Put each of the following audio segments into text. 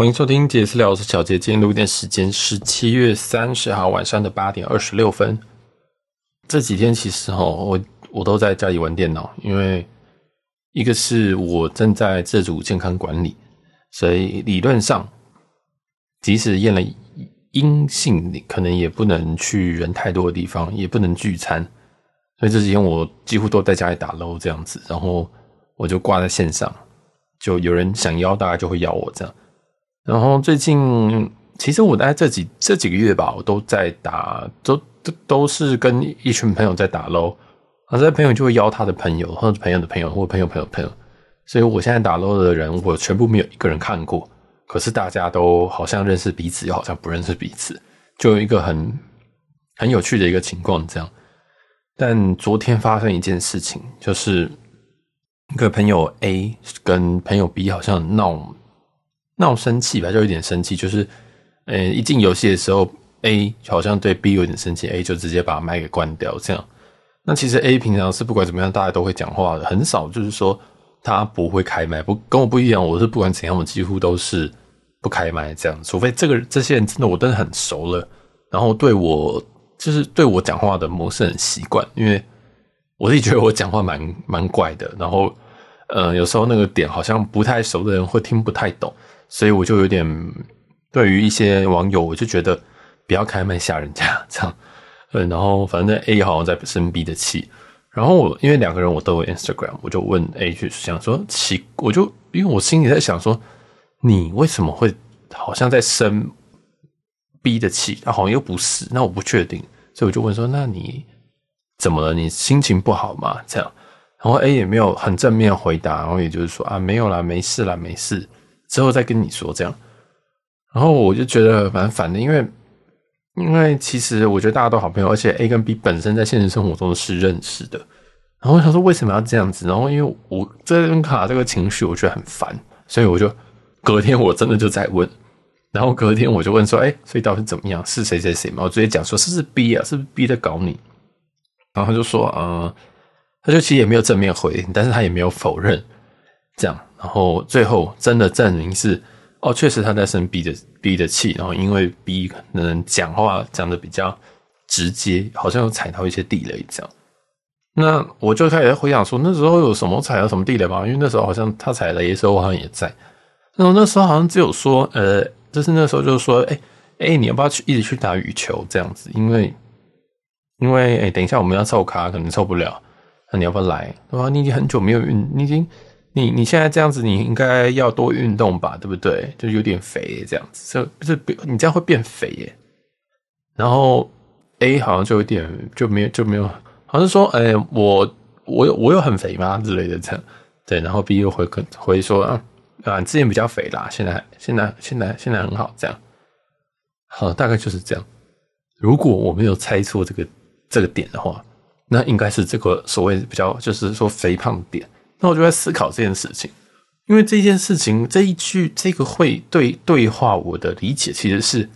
歡迎收聽傑私聊，我是小杰。今天錄電時間是七月三十號晚上的八點二十六分。這幾天其實哈，我我都在家裡玩電腦，因為一個是我正在自主健康管理，所以理論上即使驗了陰性，你可能也不能去人太多的地方，也不能聚餐。所以這幾天我幾乎都在家裡打 LOL 這樣子，然後我就掛在線上，就有人想邀，大家就會邀我這樣。然後最近，嗯、其實我在這幾這幾個月吧，我都在打，都都都是跟一群朋友在打 LOL，啊、這些朋友就會邀他的朋友，或者朋友的朋友，或者朋友朋友朋友。所以我現在打 LOL 的人，我全部沒有一個人看過。可是，大家都好像認識彼此，又好像不認識彼此，就有一個很很有趣的一個情況這樣。但昨天發生一件事情，就是一個朋友 A 跟朋友 B 好像鬧。鬧生氣吧，就有點生氣。就是，呃、欸，一進遊戲的時候，A 好像對 B 有點生氣，A 就直接把麥給關掉這樣。那其實 A 平常是不管怎麼樣，大家都會講話的，很少就是說他不會開麥。不，跟我不一樣，我是不管怎樣，我幾乎都是不開麥這樣。除非這個這些人真的我真的很熟了，然後對我就是對我講話的模式很習慣，因為我自己覺得我講話蠻蠻怪的。然後，呃，有時候那個點好像不太熟的人會聽不太懂。所以我就有點對於一些網友，我就覺得不要開麥嚇人家這樣。嗯，然後反正 A 好像在生 B 的氣，然後我因為兩個人我都有 Instagram，我就問 A 去想說奇，我就因為我心裡在想說你為什麼會好像在生 B 的氣？他好像又不是，那我不確定，所以我就問說那你怎麼了？你心情不好嗎？這樣，然後 A 也沒有很正面回答，然後也就是說啊沒有啦，沒事啦，沒事。之後再跟你說這樣，然後我就覺得蠻煩的，因為因為其實我覺得大家都好朋友，而且 A 跟 B 本身在現實生活中是認識的。然後他說為什麼要這樣子？然後因為我這張、個、卡這個情緒，我覺得很煩，所以我就隔天我真的就在問。然後隔天我就問說：“哎、欸，所以到底是怎麼樣？是誰誰誰嘛？”我直接講說：“是不是 B 啊？是不是 B 在搞你？”然後他就說：“啊、呃，他就其實也沒有正面回應，但是他也沒有否認，這樣。”然後最後真的證明是，哦，確實他在生 B 的 B 的氣。然後因為 B 可能講話講得比較直接，好像有踩到一些地雷這樣。那我就開始回想說那時候有什麼踩到什麼地雷嗎？因為那時候好像他踩雷的時候，我好像也在。那那時候好像只有說，呃，就是那時候就是說，哎、欸、哎、欸，你要不要去一直去打羽球這樣子？因為因為哎、欸，等一下我們要湊卡，可能湊不了。那你要不要來？對吧？你已經很久沒有運，你已經。你你現在這樣子，你應該要多運動吧，對不對？就有點肥、欸、這樣子，是不是？你這樣會變肥耶、欸。然後 A 好像就有點就沒有就沒有，好像是說，哎，我我有我有很肥嗎之類的，這樣對。然後 B 又回回說啊啊，你之前比較肥啦，現在現在現在現在很好，這樣。好，大概就是這樣。如果我沒有猜錯這個這個點的話，那應該是這個所謂比較，就是說肥胖點。那我就在思考這件事情，因為這件事情這一句這個會對對話我的理解其實是，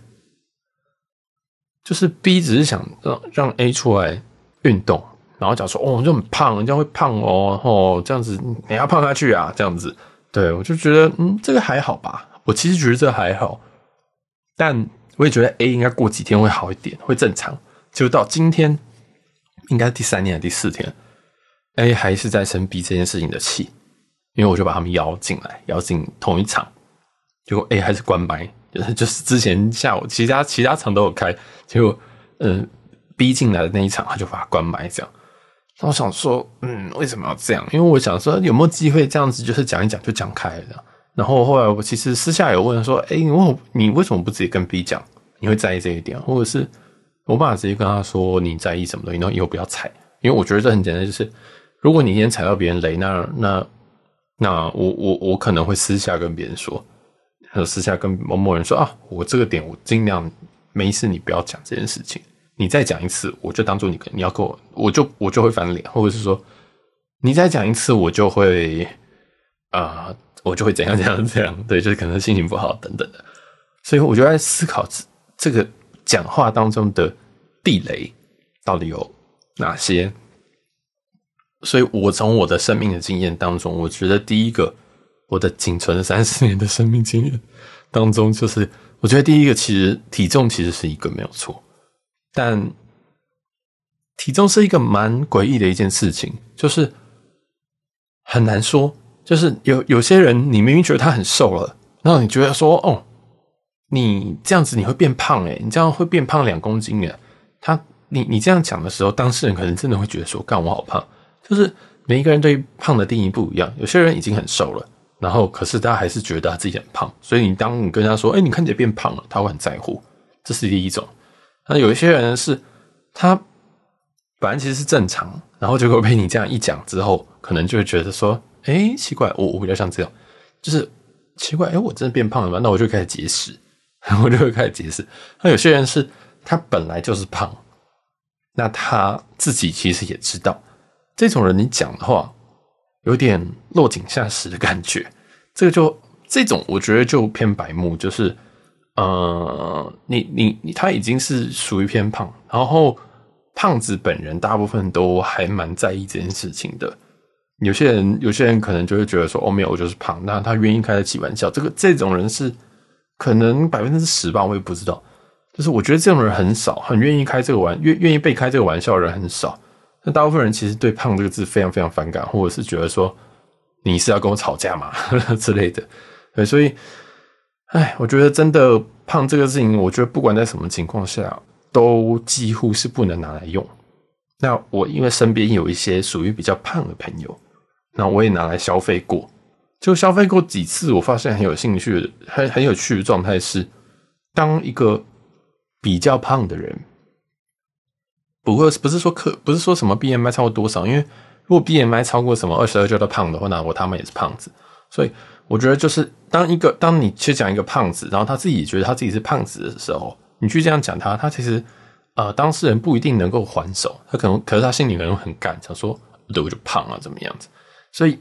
就是 B 只是想讓讓 A 出來運動，然後假如說哦，你就很胖，人家會胖哦，然、哦、後這樣子你要胖下去啊，這樣子，對我就覺得嗯，這個還好吧，我其實覺得這還好，但我也覺得 A 應該過幾天會好一點，會正常，就到今天應該是第三天是第四天。A 還是在生 B 這件事情的氣，因為我就把他們邀進來，邀進同一場，結果 A 還是關麥，就是就是之前下午其他其他場都有開，結果嗯、呃、B 進來的那一場他就把他關麥這樣。那我想說，嗯，為什麼要這樣？因為我想說有沒有機會這樣子就是講一講就講開了這樣。然後後來我其實私下有問說，哎、欸，你問你為什麼不直接跟 B 講？你會在意這一點，或者是我無法直接跟他說你在意什麼東西，然後以後不要踩，因為我覺得這很簡單，就是。如果你今天踩到別人雷，那那那我我我可能會私下跟別人說，還有私下跟某某人說啊，我這個點我儘量沒事，你不要講這件事情。你再講一次，我就當做你你要跟我，我就我就會翻臉，或者是說你再講一次，我就會啊、呃，我就會怎樣怎樣怎樣，對，就是可能心情不好等等的。所以，我就在思考這這個講話當中的地雷到底有哪些？所以，我從我的生命的經驗當中，我覺得第一個，我的僅存三十年的生命經驗當中，就是我覺得第一個，其實體重其實是一個沒有錯，但體重是一個蠻詭異的一件事情，就是很難說，就是有有些人，你明明覺得他很瘦了，然後你覺得說，哦，你這樣子你會變胖欸，你這樣會變胖兩公斤欸，他你你這樣講的時候，當事人可能真的會覺得說，幹，我好胖。就是每一個人對胖的定義不一樣，有些人已經很瘦了，然後可是他還是覺得他自己很胖，所以你當你跟他說：“欸，你看起來變胖了。”他會很在乎。這是第一種。那有一些人是他本來其實是正常，然後結果被你這樣一講之後，可能就會覺得說：“欸，奇怪，我我比較像這樣。”就是奇怪，欸，我真的變胖了嗎？那我就開始節食，我就會開始節食。那有些人是他本來就是胖，那他自己其實也知道。這種人你講的話，有點落井下石的感覺。這個就這種，我覺得就偏白目，就是，呃，你你你，他已經是屬於偏胖，然後胖子本人大部分都還蠻在意這件事情的。有些人有些人可能就會覺得說：“哦，沒有，我就是胖。”那他願意開得起玩笑，這個這種人是可能百分之十吧，我也不知道。就是我覺得這種人很少，很願意開這個玩，願願意被開這個玩笑的人很少。那大部分人其實對“胖”這個字非常非常反感，或者是覺得說你是要跟我吵架嗎 之類的。對，所以，哎，我覺得真的胖這個字，我覺得不管在什麼情況下，都幾乎是不能拿來用。那我因為身邊有一些屬於比較胖的朋友，那我也拿來消費過，就消費過幾次，我發現很有興趣，很很有趣的狀態是，當一個比較胖的人。不過不是說克不是說什麼 B M I 超過多少，因為如果 B M I 超過什麼二十二就叫胖的話，那我他媽也是胖子。所以我覺得就是當一個當你去講一個胖子，然後他自己覺得他自己是胖子的時候，你去這樣講他，他其實、呃、當事人不一定能夠還手，他可能可是他心裡可能很幹，想說對，我就胖啊，怎麼樣子？所以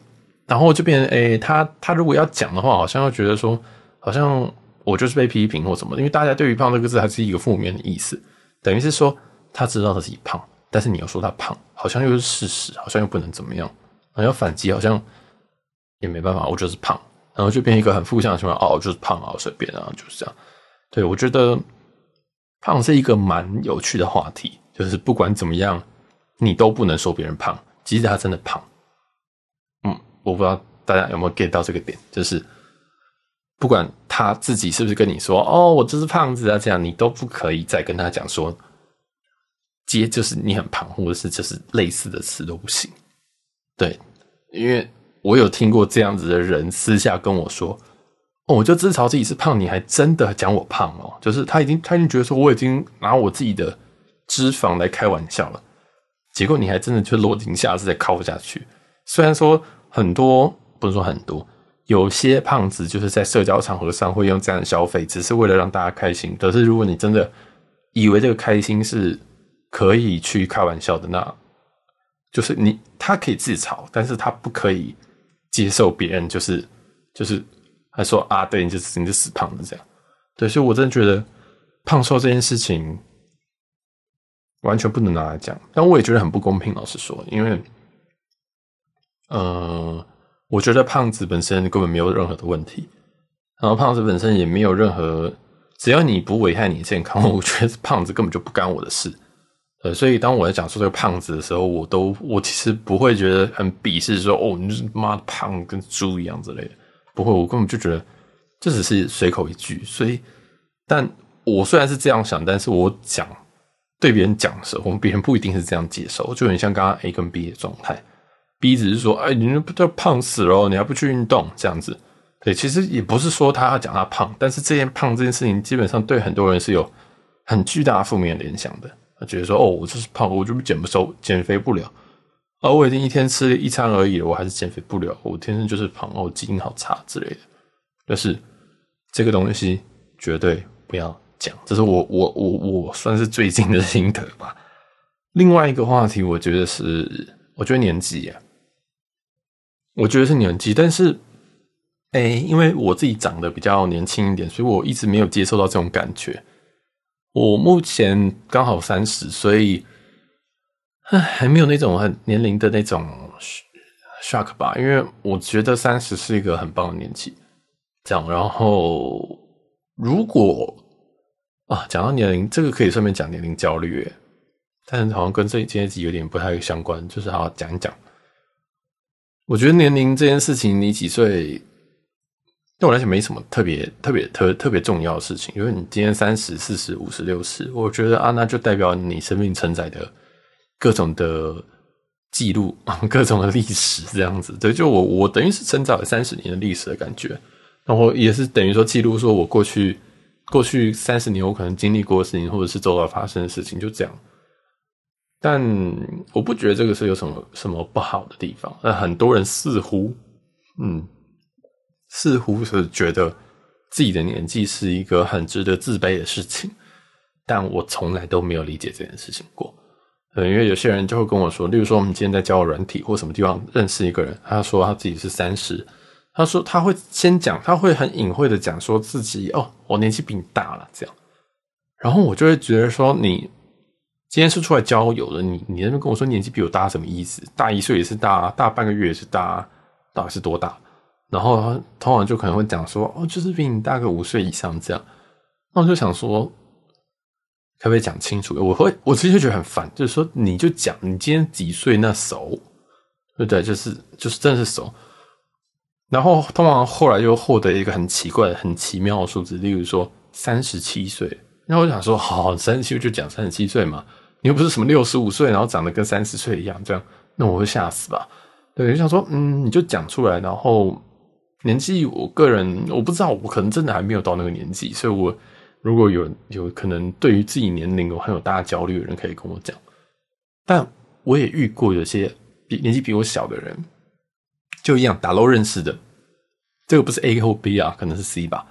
然後這邊，誒、欸，他他如果要講的話，好像又覺得說，好像我就是被批評或什麼，因為大家對於“胖”這個字還是一個負面的意思，等於是說。他知道他自己胖，但是你要說他胖，好像又是事實，好像又不能怎麼樣，然後要反擊好像也沒辦法。我就是胖，然後就變一個很負向的情況，哦，我就是胖啊，隨便啊，然後就是這樣。對，我覺得胖是一個蠻有趣的話題，就是不管怎麼樣，你都不能說別人胖，即使他真的胖。嗯，我不知道大家有沒有 get 到這個點，就是不管他自己是不是跟你說哦，我就是胖子啊，這樣你都不可以再跟他講說。接就是你很胖，或者是就是類似的詞都不行，對，因為我有聽過這樣子的人私下跟我說，哦，我就自嘲自己是胖，你還真的講我胖哦，就是他已經他已經覺得說我已經拿我自己的脂肪來開玩笑了，結果你還真的就落井下石再靠下去。雖然說很多不能說很多，有些胖子就是在社交場合上會用這樣的消費，只是為了讓大家開心。可是如果你真的以為這個開心是。可以去開玩笑的那，那就是你，他可以自嘲，但是他不可以接受別人，就是就是還說啊，對你就是你就死胖子這樣，對，所以我真的覺得胖瘦這件事情完全不能拿來講。但我也覺得很不公平，老實說，因為，呃，我覺得胖子本身根本沒有任何的問題，然後胖子本身也沒有任何，只要你不危害你的健康，我覺得胖子根本就不干我的事。對，所以當我在講說這個胖子的時候，我都我其實不會覺得很鄙視說哦，你是媽的胖，跟豬一樣之類的。不會，我根本就覺得這只是隨口一句。所以，但我雖然是這樣想，但是我講對別人講的時候，我們別人不一定是這樣接受。就很像剛剛 A 跟 B 的狀態，B 只是說，哎，你這胖死了，你還不去運動這樣子。對，其實也不是說他講他胖，但是這件胖這件事情，基本上對很多人是有很巨大負面聯想的。覺得說哦，我就是胖，我就不減不瘦，減肥不了。而、哦、我已經一天吃了一餐而已了，我還是減肥不了。我天生就是胖，啊，我基因好差之類的。但是這個東西絕對不要講。這是我我我我算是最近的心得吧。另外一個話題，我覺得是，我覺得年紀啊，我覺得是年紀。但是，哎、欸，因為我自己長得比較年輕一點，所以我一直沒有接受到這種感覺。我目前剛好三十，所以唉還沒有那種很年齡的那種 shock 吧。因為我覺得三十是一個很棒的年紀。這樣，然後如果啊，講到年齡，這個可以順便講年齡焦慮誒，但是好像跟這節集有點不太相關，就是好好講一講。我覺得年齡這件事情，你幾歲？對我來講沒什麼特別特別特特別重要的事情，因為你今天三十、四十、五十、六十，我覺得啊，那就代表你生命承載的各種的記錄，各種的歷史這樣子。對，就我我等於是承載了三十年的歷史的感覺，然後也是等於說記錄說我過去過去三十年我可能經歷過的事情，或者是周遭發生的事情，就這樣。但我不覺得這個是有什麼什麼不好的地方。那很多人似乎嗯。似乎是覺得自己的年紀是一個很值得自卑的事情，但我從來都沒有理解這件事情過。呃、嗯，因為有些人就會跟我說，例如說我們今天在交友軟體或什麼地方認識一個人，他說他自己是三十，他說他會先講，他會很隱晦的講說自己哦，我年紀比你大了這樣，然後我就會覺得說你今天是出來交友的，你你那邊跟我說年紀比我大什麼意思？大一歲也是大，大半個月也是大，到底是多大？然後通常就可能會講說，哦，就是比你大個五歲以上這樣。那我就想說，可不可以講清楚？我會，我其實就覺得很煩，就是說，你就講你今天幾歲那熟，對不對？就是就是真的是熟。然後通常後來又獲得一個很奇怪、很奇妙的數字，例如說三十七歲。那我就想說，好、哦，三十七就講三十七歲嘛，你又不是什麼六十五歲，然後長得跟三十歲一樣這樣，那我會嚇死吧？對，就想說，嗯，你就講出來，然後。年紀，我個人我不知道，我可能真的還沒有到那個年紀，所以，我如果有有可能對於自己年齡有很有大焦慮的人，可以跟我講。但我也遇過有些比年紀比我小的人，就一樣打 LOL 認識的，這個不是 A 或 B 啊，可能是 C 吧。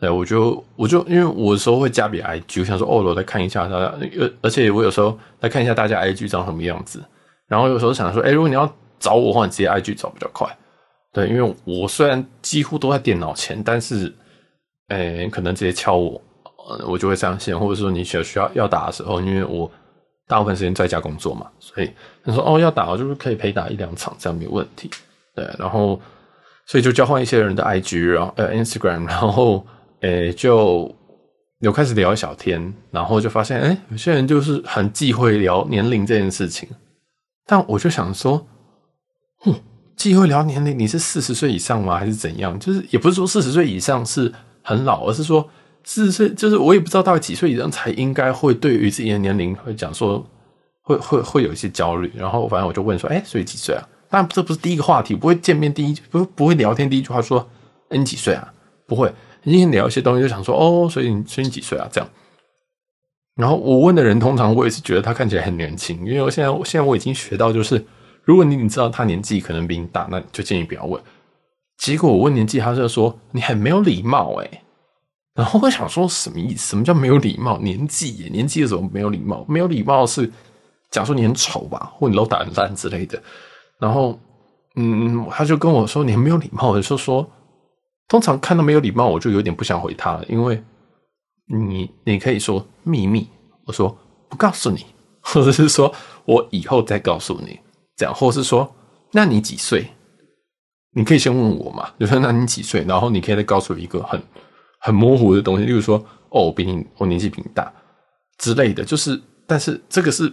對，我就我就因為我的時候會加比 I G，我想說哦，我來看一下大家，而且我有時候來看一下大家 I G 長什麼樣子，然後有時候想說，哎、欸，如果你要找我的話，你直接 I G 找比較快。對，因為我雖然幾乎都在電腦前，但是，誒，可能直接敲我，我就會上線，或者說你需要需要要打的時候，因為我大部分時間在家工作嘛，所以你說哦要打，我就是可以陪打一兩場，這樣沒有問題。對，然後，所以就交換一些人的 IG 然後呃 Instagram，然後誒就有開始聊一小天，然後就發現誒有些人就是很忌諱聊年齡這件事情，但我就想說，哼。因為會聊年齡，你是四十歲以上嗎？還是怎樣？就是也不是說四十歲以上是很老，而是說四十歲，就是我也不知道大概幾歲以上才應該會對於自己的年齡會講說會，會會會有一些焦慮。然後反正我就問說，哎、欸，所以幾歲啊？當然這不是第一個話題，不會見面第一不不會聊天第一句話說，你幾歲啊？不會，今天聊一些東西就想說，哦，所以你所以你幾歲啊？這樣。然後我問的人，通常我也是覺得他看起來很年輕，因為我現在現在我已經學到就是。如果你你知道他年紀可能比你大，那就建議不要問。結果我問年紀，他就說你很沒有禮貌哎。然後我想說什麼意思？什麼叫沒有禮貌？年紀耶，年紀有什麼沒有禮貌？沒有禮貌是，假如說你很醜吧，或你老打爛之類的。然後，嗯，他就跟我說你很沒有禮貌。我就說，通常看到沒有禮貌，我就有點不想回他了，因為你你可以說秘密，我說不告訴你，或者是說我以後再告訴你。這樣，或是說，那你幾歲？你可以先問我嘛。就說、是、那你幾歲？然後你可以再告訴我一個很很模糊的東西，例如說，哦，我比你我年紀比你大之類的。就是，但是這個是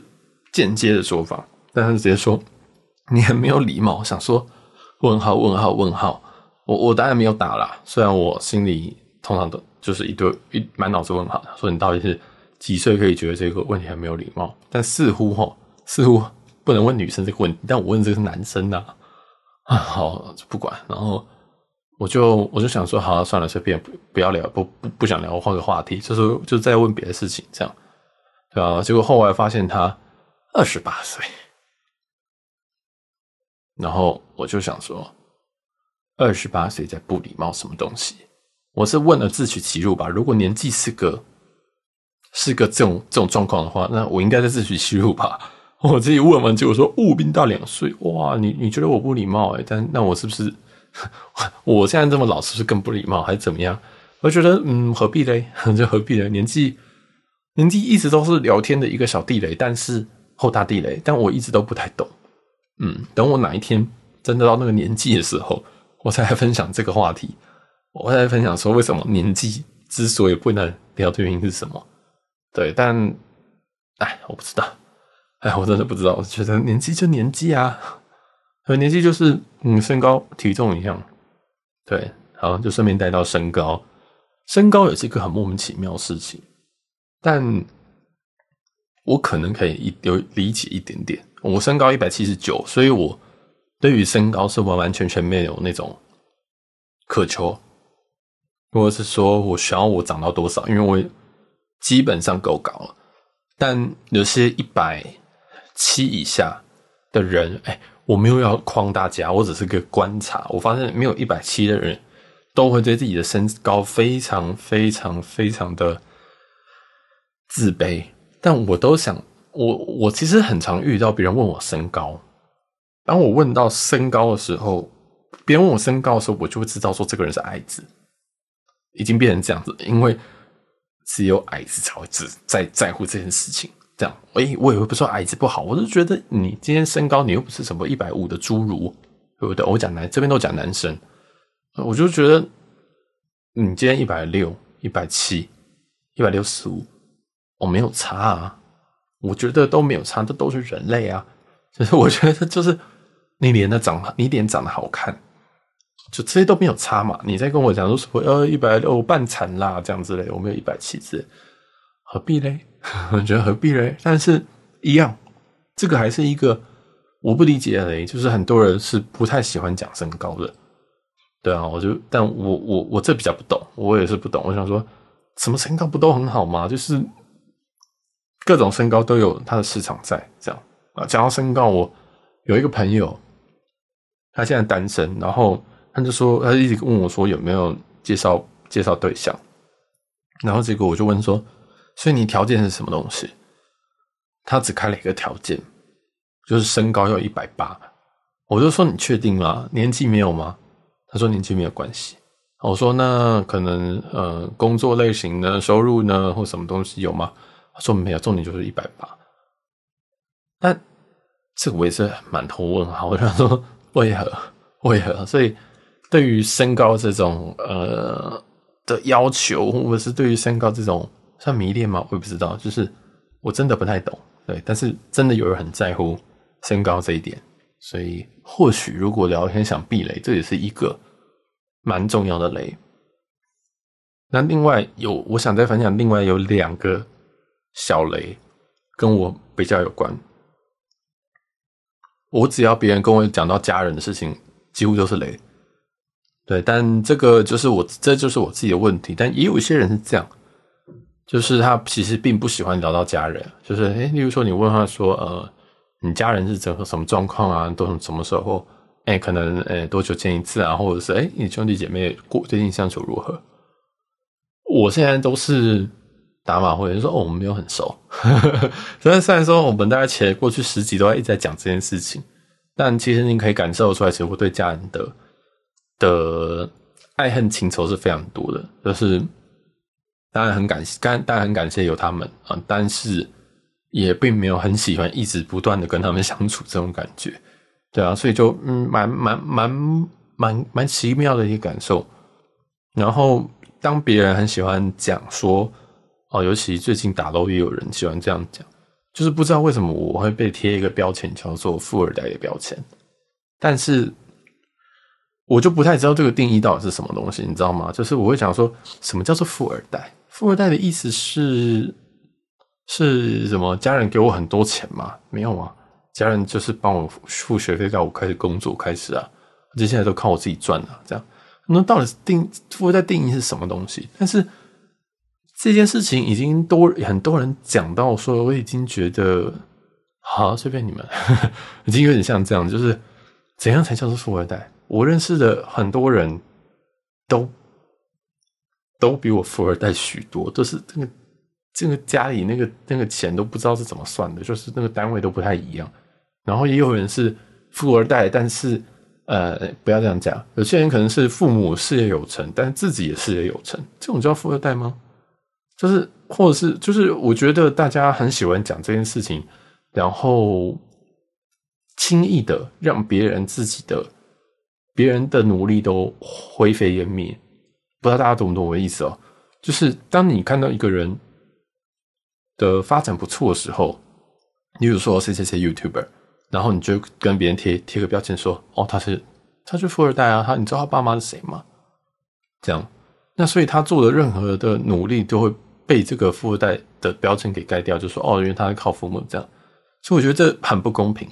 間接的說法，但他直接說你很沒有禮貌。想說問號問號問號。我我當然沒有打啦，雖然我心裡通常都就是一堆一滿腦子問號，說你到底是幾歲可以覺得這個問題很沒有禮貌？但似乎哈、哦，似乎。不能問女生這個問題，但我問這個是男生吶、啊啊，好，就不管。然後我就我就想說，好、啊、算了，隨便，不不要聊，不不不想聊，換個話題，就是就再問別的事情，這樣對、啊、結果後來發現他二十八歲，然後我就想說，二十八歲在不禮貌什麼東西？我是問了自取其辱吧？如果年紀是個是個這種這種狀況的話，那我應該在自取其辱吧？我自己問完，結果說，我比你大兩歲。哇！你你覺得我不禮貌哎、欸？但那我是不是我現在這麼老是不是更不禮貌，還是怎麼樣？我覺得嗯，何必嘞？就何必嘞？年紀年紀一直都是聊天的一個小地雷，但是後大地雷，但我一直都不太懂。嗯，等我哪一天真的到那個年紀的時候，我再來分享這個話題。我再來分享說，為什麼年紀之所以不能聊的原因是什麼？對，但哎，我不知道。哎，我真的不知道，我覺得年紀就年紀啊，所以年紀就是嗯，身高體重一樣。對，好，就順便帶到身高。身高也是一個很莫名其妙的事情，但我可能可以一有理解一點點。我身高一百七十九，所以我對於身高是完完全全沒有那種渴求，如果是說我想要我長到多少，因為我基本上夠高了。但有些一百。七以下的人，哎、欸，我沒有要框大家，我只是個觀察。我發現沒有一百七的人，都會對自己的身高非常、非常、非常的自卑。但我都想，我我其實很常遇到別人問我身高。當我問到身高的時候，別人問我身高的時候，我就會知道說這個人是矮子，已經變成這樣子。因為只有矮子才會只在在乎這件事情。這樣，哎，我也不說矮子不好，我就覺得你今天身高，你又不是什麼一百五的侏儒，對不對？我講男，這邊都講男生，我就覺得你今天一百六、一百七、一百六十五，我沒有差啊，我覺得都沒有差，這都，都是人類啊。就是我覺得，就是你臉的長，你臉長得好看，就這些都沒有差嘛。你在跟我講說什麼？呃，一百六我半殘啦，這樣之類，我沒有一百七之類。何必嘞？我 覺得何必嘞？但是一樣，這個還是一個我不理解的。就是很多人是不太喜歡講身高的。對啊，我就，但我我我這比較不懂，我也是不懂。我想說，什麼身高不都很好嗎？就是各種身高都有它的市場在，這樣。啊，講到身高，我有一個朋友，他現在單身，然後他就說，他就一直問我說有沒有介紹介紹對象。然後結果我就問說。所以你條件是什麼東西？他只開了一個條件，就是身高要一百八。我就說你確定嗎？年紀沒有嗎？他說年紀沒有關係。我說那可能呃，工作類型呢、收入呢或什麼東西有嗎？他說沒有，重點就是一百八。但這個我也是滿頭問號。我想說為何為何？所以對於身高這種呃的要求，或者是對於身高這種。算迷戀嗎？我也不知道，就是我真的不太懂。對，但是真的有人很在乎身高這一點，所以或許如果聊天想避雷，這也是一個蠻重要的雷。那另外有，我想再分享另外有兩個小雷跟我比較有關。我只要別人跟我講到家人的事情，幾乎都是雷。對，但這個就是我，這就是我自己的問題，但也有一些人是這樣。就是他其實並不喜歡聊到家人，就是誒、欸、例如說你問他說呃，你家人是整個什麼狀況啊？都什什麼時候？誒、欸、可能誒、欸、多久見一次啊？或者是誒、欸、你兄弟姐妹過最近相處如何？我現在都是打馬虎眼，就是說哦，我們沒有很熟。雖 然雖然說我們大家前過去十幾都在一直在講這件事情，但其實你可以感受出來，其實我對家人的的愛恨情仇是非常多的，就是。當然很感謝，當然很感謝有他們啊，但是也並沒有很喜歡一直不斷的跟他們相處這種感覺，對啊，所以就嗯，蠻蠻蠻蠻蠻奇妙的一些感受。然後當別人很喜歡講說，哦、呃，尤其最近打 LOL 也有人喜歡這樣講，就是不知道為什麼我會被貼一個標籤叫做“富二代”的標籤，但是。我就不太知道這個定義到底是什麼東西，你知道嗎？就是我會想說，什麼叫做富二代？富二代的意思是是什麼？家人給我很多錢嗎？沒有啊，家人就是幫我付學費，讓我開始工作，開始啊，這些現在都靠我自己賺啊，這樣，那到底是定富二代定義是什麼東西？但是這件事情已經都很多人講到說，我已經覺得好隨便你們， 已經有點像這樣，就是怎樣才叫做富二代？我認識的很多人都都比我富二代許多，就是那個這個家裡那個那個錢都不知道是怎麼算的，就是那個單位都不太一樣。然後也有人是富二代，但是呃，不要這樣講。有些人可能是父母事業有成，但是自己也事業有成，這種叫富二代嗎？就是或者是就是，我覺得大家很喜歡講這件事情，然後輕易的讓別人自己的。別人的努力都灰飛煙滅，不知道大家懂不懂我的意思哦？就是當你看到一個人的發展不錯的時候，例如說誰誰誰 YouTuber，然後你就跟別人貼貼個標籤說哦，他是他是富二代啊，他你知道他爸媽是誰嗎？這樣，那所以他做的任何的努力都會被這個富二代的標籤給蓋掉，就說哦，因為他是靠父母這樣，所以我覺得這很不公平。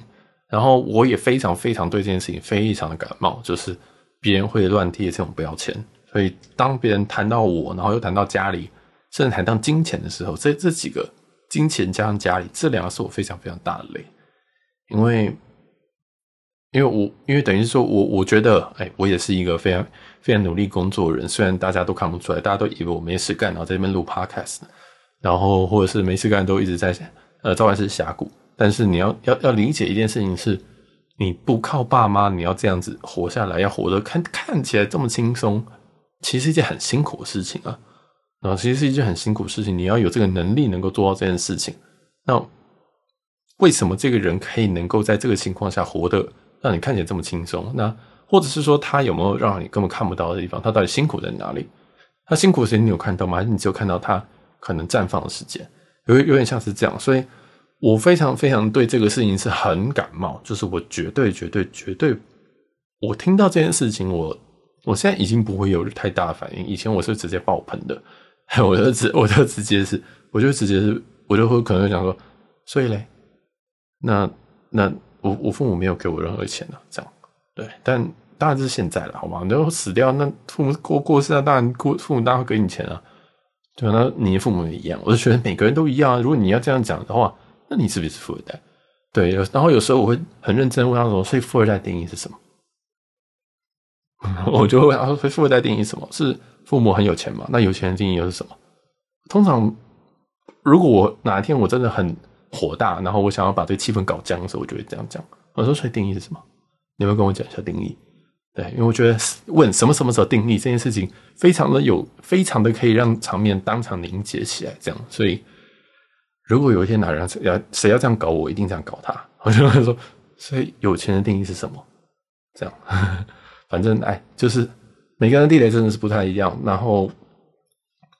然後我也非常非常對這件事情非常的感冒，就是別人會亂貼這種標籤。所以當別人談到我，然後又談到家裡，甚至談到金錢的時候，這這幾個金錢加上家裡，這兩個是我非常非常大的雷，因為因為我因為等於說我我覺得，哎，我也是一個非常非常努力工作的人，雖然大家都看不出來，大家都以為我沒事幹，然後在這邊錄 Podcast，然後或者是沒事幹都一直在呃召喚師峽谷。但是你要要要理解一件事情是，你不靠爸媽，你要這樣子活下來，要活得看看起來這麼輕鬆，其實是一件很辛苦的事情啊。啊，其實是一件很辛苦的事情，你要有這個能力能夠做到這件事情。那為什麼這個人可以能夠在這個情況下活得讓你看起來這麼輕鬆？那或者是說他有沒有讓你根本看不到的地方？他到底辛苦在哪裡？他辛苦的時間你有看到嗎？還是你只有看到他可能綻放的時間？有有點像是這樣，所以。我非常非常對這個事情是很感冒，就是我絕對絕對絕對，我聽到這件事情，我我現在已經不會有太大的反應。以前我是直接爆噴的，我就直我就直接是，我就直接是，我就會可能會想說，所以嘞，那那我我父母沒有給我任何錢呢，啊，這樣對，但當然是現在了，好嗎？你都死掉，那父母過過世了，啊，當然父父母當然會給你錢啊，對，那你的父母也一樣，我就覺得每個人都一樣啊。如果你要這樣講的話。那你是不是富二代？對，然後有時候我會很認真問他，說：“所以富二代定義是什麼？” 我就會問他說：“所以富二代定義是什麼？是父母很有錢嘛？”那有錢的定義又是什麼？通常如果我哪一天我真的很火大，然後我想要把這氣氛搞僵的時候，我就會這樣講：“我說，所以定義是什麼？你會跟我講一下定義？”對，因為我覺得問什麼什麼時候定義這件事情非常的有，非常的可以讓場面當場凝結起來，這樣，所以。如果有一天哪人要誰要這樣搞我，我一定這樣搞他。我就會說，所以有錢的定義是什麼？這樣， 反正哎，就是每個人的地雷真的是不太一樣。然後，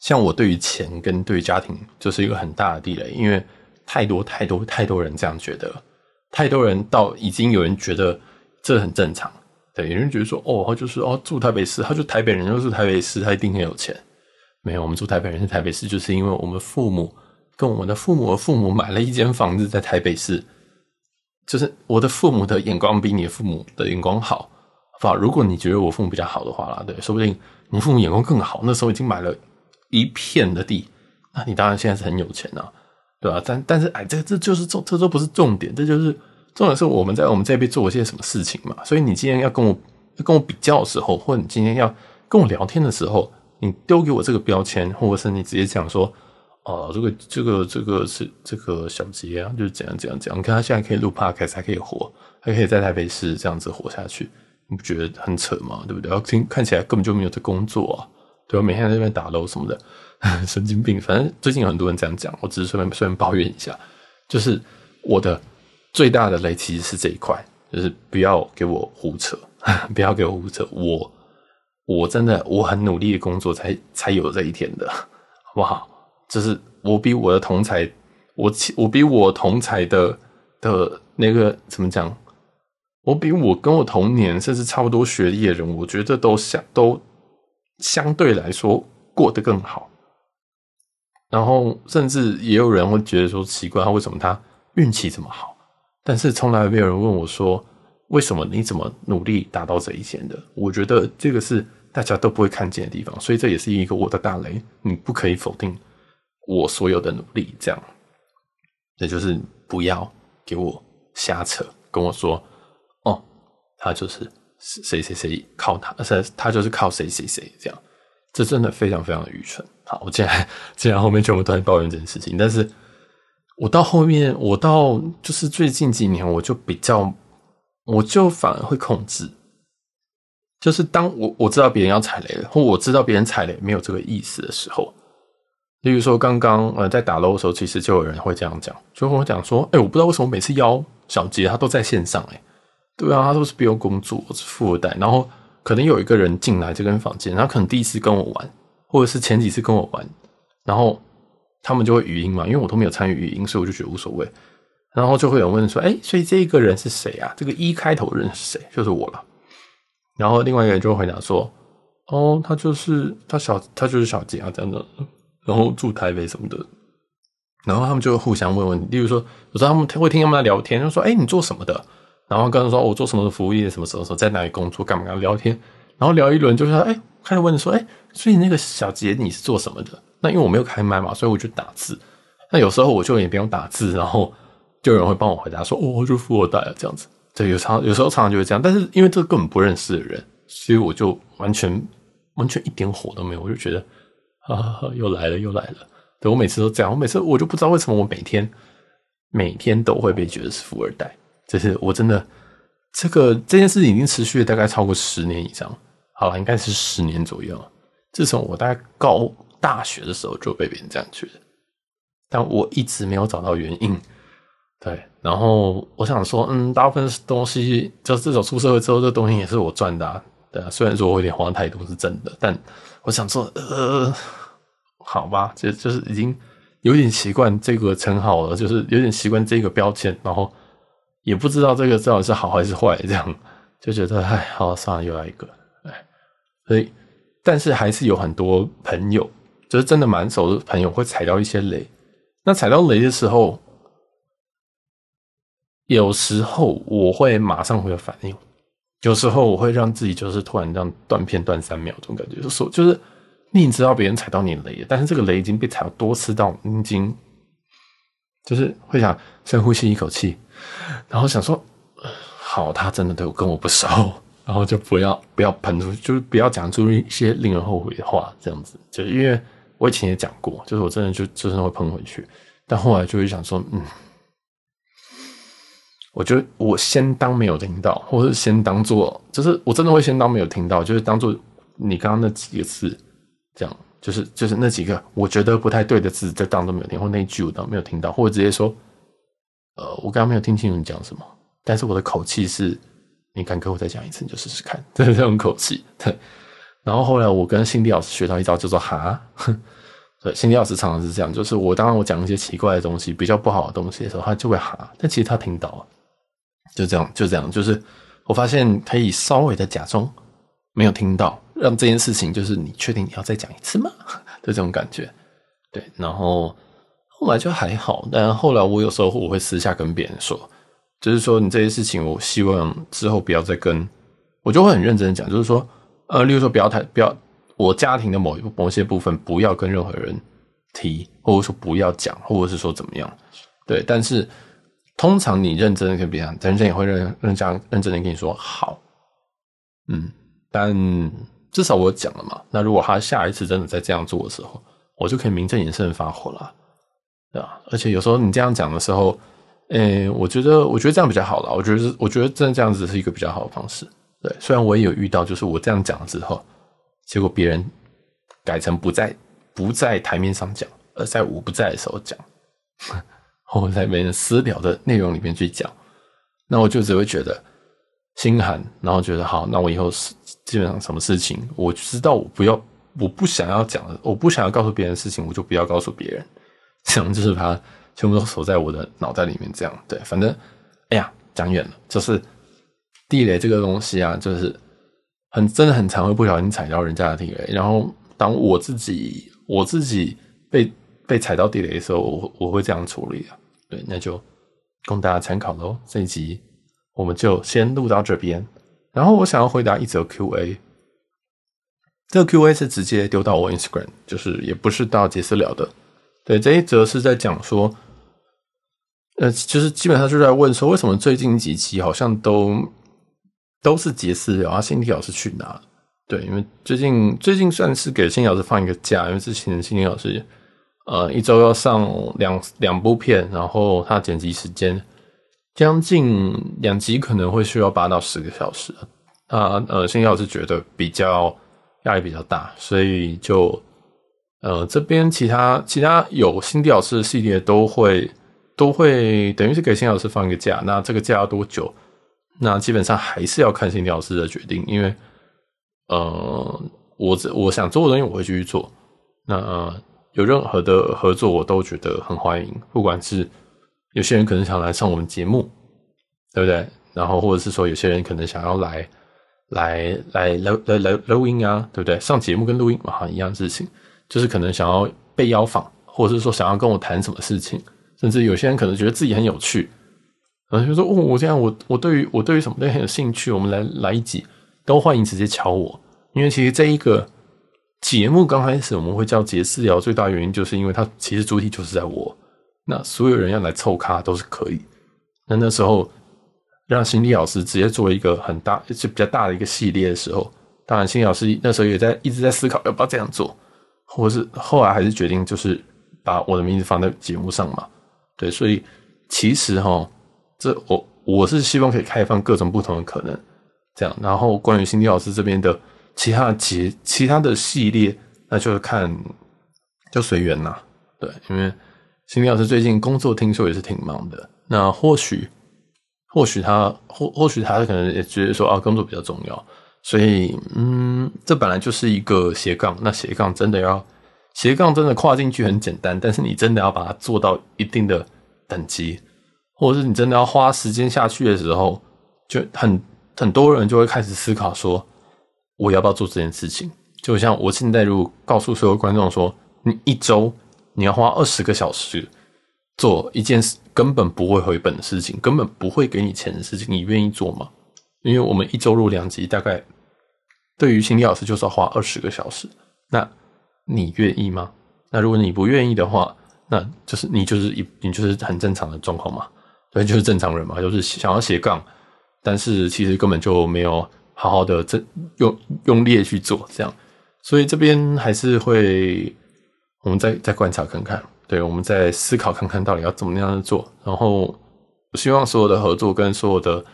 像我對於錢跟對於家庭就是一個很大的地雷，因為太多太多太多人這樣覺得，太多人到已經有人覺得這很正常。對，有人覺得說哦，他就是哦，住台北市，他就台北人，就住台北市，他一定很有錢。沒有，我們住台北人是台北市，就是因為我們父母。跟我的父母，父母買了一間房子在台北市，就是我的父母的眼光比你父母的眼光好，好吧？如果你覺得我父母比較好的話啦，對，說不定你父母眼光更好，那時候已經買了一片的地，那你當然現在是很有錢啊，對吧？啊？但但是，哎，這這就是重，這都不是重點，這就是重點是我們在我們這邊做一些什麼事情嘛。所以你今天要跟我要跟我比較的時候，或者你今天要跟我聊天的時候，你丟給我這個標籤，或者是你直接講說。哦、呃，這個這個這個是這個小傑啊，就是怎樣怎樣怎樣？你看他現在可以錄 podcast，還可以活，還可以在台北市這樣子活下去，你不覺得很扯嗎？對不對？然後聽看起來根本就沒有在工作啊，對吧、啊？每天在這邊打 LOL 什麼的， 神經病！反正最近有很多人這樣講，我只是順便順便抱怨一下。就是我的最大的雷其實是這一塊，就是不要給我胡扯， 不要給我胡扯，我我真的我很努力的工作才才有這一天的，好不好？就是我比我的同儕，我我比我同儕的的那個怎麼講？我比我跟我同年甚至差不多學歷的人，我覺得都相都相對來說過得更好。然後甚至也有人會覺得說奇怪，啊、為什麼他運氣這麼好？但是從來沒有人問我說為什麼？你怎麼努力達到這一切的？我覺得這個是大家都不會看見的地方，所以這也是一個我的大雷，你不可以否定。我所有的努力，這樣，那就是不要給我瞎扯，跟我說，哦，他就是誰誰誰靠他，啊，他就是靠誰誰誰這樣，這真的非常非常的愚蠢。好，我竟然竟然後面全部都在抱怨這件事情，但是我到後面，我到就是最近幾年，我就比較，我就反而會控制，就是當我我知道別人要踩雷了，或我知道別人踩雷沒有這個意思的時候。例如說剛剛，剛剛呃，在打 LOL 的時候，其實就有人會這樣講，就會講說：“哎、欸，我不知道為什麼每次邀小杰他都在線上。”哎，對啊，他都是不用工作，我是富二代。然後可能有一個人進來這間房間，他可能第一次跟我玩，或者是前幾次跟我玩，然後他們就會語音嘛，因為我都沒有參與語音，所以我就覺得無所謂。然後就會有人問說：“哎、欸，所以這一個人是誰啊？這個一開頭人是誰？就是我了。”然後另外一個人就會回答說：“哦，他就是他小，他就是小杰啊，這樣的。”然後住台北什麼的，然後他們就會互相問問，例如說，有時候他們會聽他們在聊天，就說：“哎、欸，你做什麼的？”然後跟他說：“我、哦、做什麼的，服務業什麼什麼時候在哪裡工作，幹嘛，幹嘛聊天。”然後聊一輪就是：“哎、欸，開始問說：哎、欸，所以那個小杰你是做什麼的？那因為我沒有開麥嘛，所以我就打字。那有時候我就也不用打字，然後就有人會幫我回答說：“哦，我是富二代啊，這樣子。”對，有常有時候常常就會這樣，但是因為這個根本不認識的人，所以我就完全完全一點火都沒有，我就覺得。 又來了，又來了！對，我每次都這樣，我每次我就不知道為什麼我每天每天都會被覺得是富二代。這、就是我真的，這個這件事情已經持續了大概超過十年以上，好了，應該是十年左右。自從我大概高大學的時候就被別人這樣覺得，但我一直沒有找到原因。對，然後我想說，嗯，大部分東西，就這種出社會之後，這個、東西也是我賺的、啊。雖然說我有點壞態度是真的，但我想說，呃，好吧，就就是已經有點習慣這個稱號了，就是有點習慣這個標籤，然後也不知道這個到底是好還是壞，這樣就覺得，哎，好，算了，又來一個，哎，所以，但是還是有很多朋友，就是真的蠻熟的朋友，會踩到一些雷。那踩到雷的時候，有時候我會馬上會有反應。有時候我會讓自己就是突然這樣斷片斷三秒，這種感覺就是說，就是你知道別人踩到你的雷，但是這個雷已經被踩到多次到，到已經就是會想深呼吸一口氣，然後想說，好，他真的對我跟我不熟，然後就不要不要噴出去，就是不要講出一些令人後悔的話，這樣子。就是因為我以前也講過，就是我真的就真的、就是、會噴回去，但後來就會想說，嗯。我覺得我先當沒有聽到，或者先當做就是我真的會先當沒有聽到，就是當做你剛剛那幾個字講，這樣就是就是那幾個我覺得不太對的字，就當做沒有聽。或那一句我當沒有聽到，或者直接說，呃，我剛剛沒有聽清楚你講什麼，但是我的口氣是，你看，跟我再講一次，你就試試看，這種口氣。然後後來我跟心理老師學到一招，叫做“哈” 對。心理老師常常是這樣，就是我當然我講一些奇怪的東西，比較不好的東西的時候，他就會哈。但其實他聽到。就這樣，就這樣，就是我發現可以稍微的假裝沒有聽到，讓這件事情就是你確定你要再講一次嗎？就這種感覺，對。然後後來就還好，但後來我有時候我會私下跟別人說，就是說你這些事情，我希望之後不要再跟。我就會很認真的講，就是說，呃，例如說，不要太不要，我家庭的某一某些部分不要跟任何人提，或者說不要講，或者是說怎麼樣，對。但是。通常你認真的跟別人，講人家也會認認真認真的跟你說好，嗯，但至少我講了嘛。那如果他下一次真的再這樣做的時候，我就可以名正言順發火了，對吧？而且有時候你這樣講的時候，嗯、欸，我覺得我覺得這樣比較好啦。我覺得我覺得真的這樣子是一個比較好的方式。對，雖然我也有遇到，就是我這樣講了之後，結果別人改成不在不在台面上講，而在我不在的時候講。 我在別人私聊的內容裡面去講，那我就只會覺得心寒，然後覺得好，那我以後基本上什麼事情我知道，我不要，我不想要講，我不想要告訴別人的事情，我就不要告訴別人。這樣就是把全部都鎖在我的腦袋裡面，這樣對。反正哎呀，講遠了，就是地雷這個東西啊，就是很真的很常會不小心踩到人家的地雷。然後當我自己我自己被。被踩到地雷的時候，我我會這樣處理啊。對，那就供大家參考嘍。這一集我們就先錄到這邊。然後我想要回答一則 Q&A，這個 Q&A 是直接丟到我 Instagram，就是也不是到傑私聊的。對，這一則是在講說，呃，就是基本上就在問說，為什麼最近幾期好像都都是傑私聊啊？心地老師去哪？對，因為最近最近算是給心地老師放一個假，因為之前心地老師。呃，一週要上兩兩部片，然後他剪輯時間將近兩集，可能會需要八到十個小時。那、啊、呃，心地老師覺得比較壓力比較大，所以就呃這邊其他其他有心地老師的系列都會都會等於是給心地老師放一個假。那這個假要多久？那基本上還是要看心地老師的決定，因為呃，我我想做的東西我會繼續做，那。有任何的合作，我都覺得很歡迎。不管是有些人可能想來上我們節目，對不對？然後或者是說，有些人可能想要來來來來來來，來錄音啊，對不對？上節目跟錄音嘛，好像一樣事情，就是可能想要被邀訪，或者是說想要跟我談什麼事情，甚至有些人可能覺得自己很有趣，然後就說哦，我這樣我我對於我對於什麼都很有興趣，我們來來一集都歡迎直接敲我，因為其實這一個。節目剛開始，我們會叫“傑私聊”，最大原因就是因為它其實主體就是在我。那所有人要來湊咖都是可以。那那時候讓心理老師直接做一個很大，就比較大的一個系列的時候，當然心理老師那時候也在一直在思考要不要這樣做，或是後來還是決定就是把我的名字放在節目上嘛。對，所以其實哈，這我我是希望可以開放各種不同的可能，這樣。然後關於心理老師這邊的。其他其其他的系列，那就是看就隨緣吶，對，因為心地老師最近工作聽說也是挺忙的，那或許或許他或或許他可能也覺得說啊，工作比較重要，所以嗯，這本來就是一個斜槓，那斜槓真的要斜槓真的跨進去很簡單，但是你真的要把它做到一定的等級，或者是你真的要花時間下去的時候，就很很多人就會開始思考說。我要不要做這件事情？就像我現在，如果告訴所有觀眾說，你一周你要花二十個小時做一件事，根本不會回本的事情，根本不會給你錢的事情，你願意做嗎？因為我們一周錄兩集，大概對於心地老師就是要花二十個小時，那你願意嗎？那如果你不願意的話，那就是你就是一你就是很正常的狀況嘛，所以就是正常人嘛，就是想要斜槓，但是其實根本就沒有。好好的，這用用力的去做這樣，所以這邊還是會，我們再再觀察看看，對，我們再思考看看到底要怎麼樣的做。然後，我希望所有的合作跟所有的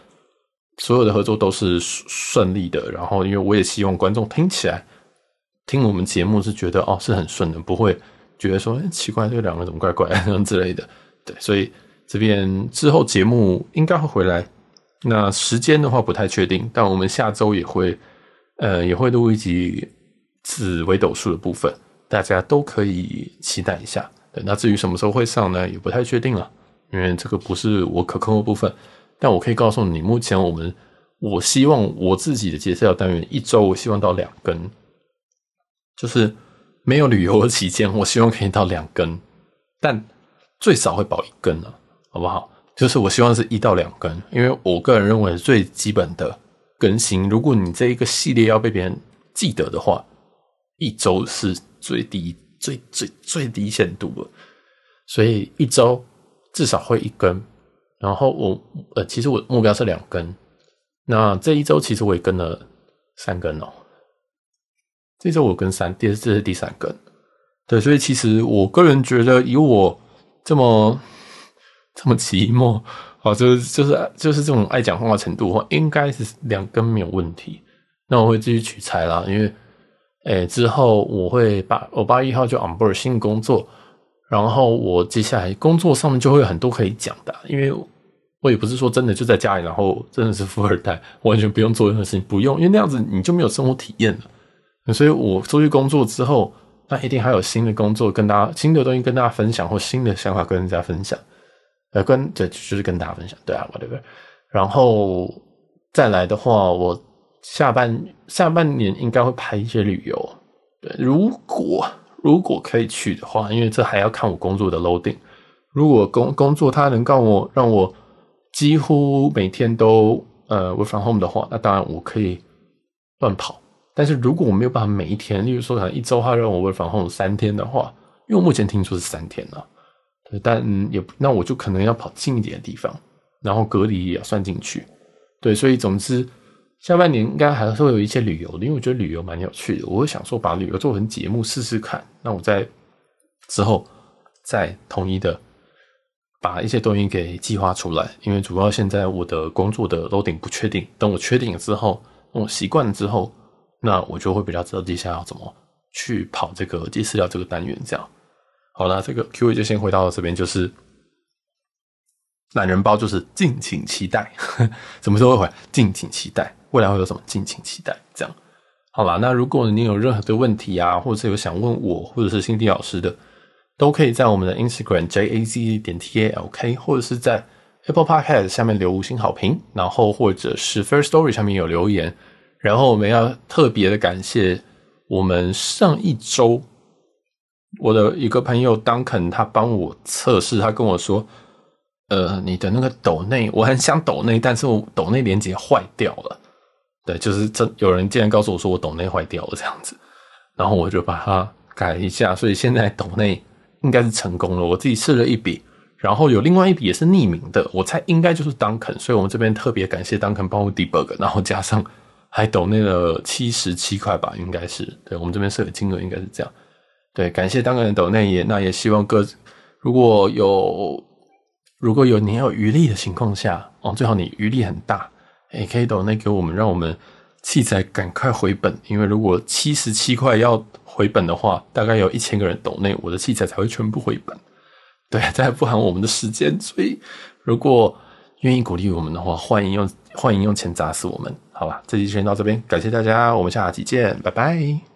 所有的合作都是順利的。然後，因為我也希望觀眾聽起來聽我們節目是覺得哦是很順的，不會覺得說、欸、奇怪，這兩個怎麼怪怪什、啊、之類的。對，所以這邊之後節目應該會回來。那時間的話不太確定，但我們下周也會，呃，也會錄一集紫微斗數的部分，大家都可以期待一下。對，那至於什麼時候會上呢？也不太確定了，因為這個不是我可控的部分。但我可以告訴你，目前我們，我希望我自己的傑私聊單元一周我希望到兩更，就是沒有旅遊的期間，我希望可以到兩更，但最少會保一更啊，好不好？就是我希望是一到兩更，因為我個人認為最基本的更新，如果你這一個系列要被別人記得的話，一周是最低、最最最低限度了。所以一周至少會一更，然後我呃，其實我目標是兩更。那這一周其實我也更了三更哦，這周我更三，這是第三更。對，所以其實我個人覺得，以我這麼。這麼寂寞哦、啊，就是就是就是這種愛講話的程度應該是兩根沒有問題。那我會繼續取材啦，因為誒、欸、之後我會把八月一號就 onboard 新的工作，然後我接下來工作上面就會有很多可以講的。因為我也不是說真的就在家裡，然後真的是富二代，完全不用做任何事情，不用，因為那樣子你就沒有生活體驗了、嗯。所以我出去工作之後，那一定還有新的工作跟大家，新的東西跟大家分享，或新的想法跟大家分享。呃，跟就就是跟大家分享，對啊，whatever。然後再來的話，我下半下半年應該會拍一些旅遊。對，如果如果可以去的話，因為這還要看我工作的 loading。如果工工作它能告我讓我幾乎每天都呃 work from home 的話，那當然我可以亂跑。但是如果我沒有辦法每一天，例如說可能一周它讓我 work from home 三天的話，因為我目前聽說是三天了、啊但也那我就可能要跑近一點的地方，然後隔離也要算進去，對，所以總之下半年應該還是會有一些旅遊，因為我覺得旅遊蠻有趣的，我會想說把旅遊做成節目試試看。那我再之後再統一的把一些東西給計劃出來，因為主要現在我的工作的 loading 不確定，等我確定了之後，等我習慣了之後，那我就會比較知道接下來要怎麼去跑這個第四條這個單元這樣。好了，這個 Q&A 就先回到這邊，就是懶人包，就是敬請期待，什 麼時候會回？敬請期待，未來會有什麼？敬請期待。這樣好吧，那如果你有任何的問題啊，或者是有想問我，或者是心地老師的，都可以在我們的 Instagram jazz 點 TALK，或者是在 Apple Podcast 下面留五星好評，然後或者是 First Story 上面有留言。然後我們要特別的感謝我們上一週。我的一個朋友 Duncan 他幫我測試，他跟我說：“呃，你的那個抖內，我很想抖內，但是我抖內連結壞掉了。”對，就是真有人竟然告訴我說我抖內壞掉了這樣子，然後我就把它改一下，所以現在抖內應該是成功了。我自己試了一筆，然後有另外一筆也是匿名的，我猜應該就是 Duncan，所以我們這邊特別感謝 Duncan 幫我 debug，然後加上還抖內了七十七塊吧，應該是，對，我們這邊設的金額應該是這樣。對，感謝當個人抖內也，那也希望各如果有如果有你要餘力的情況下哦，最好你餘力很大，哎，可以抖內給我們，讓我們器材趕快回本。因為如果七十七塊要回本的話，大概有一千個人抖內，我的器材才會全部回本。對，這還不含我們的時間。所以，如果願意鼓勵我們的話，歡迎用歡迎用錢砸死我們，好吧？這期先到這邊，感謝大家，我們下期見，拜拜。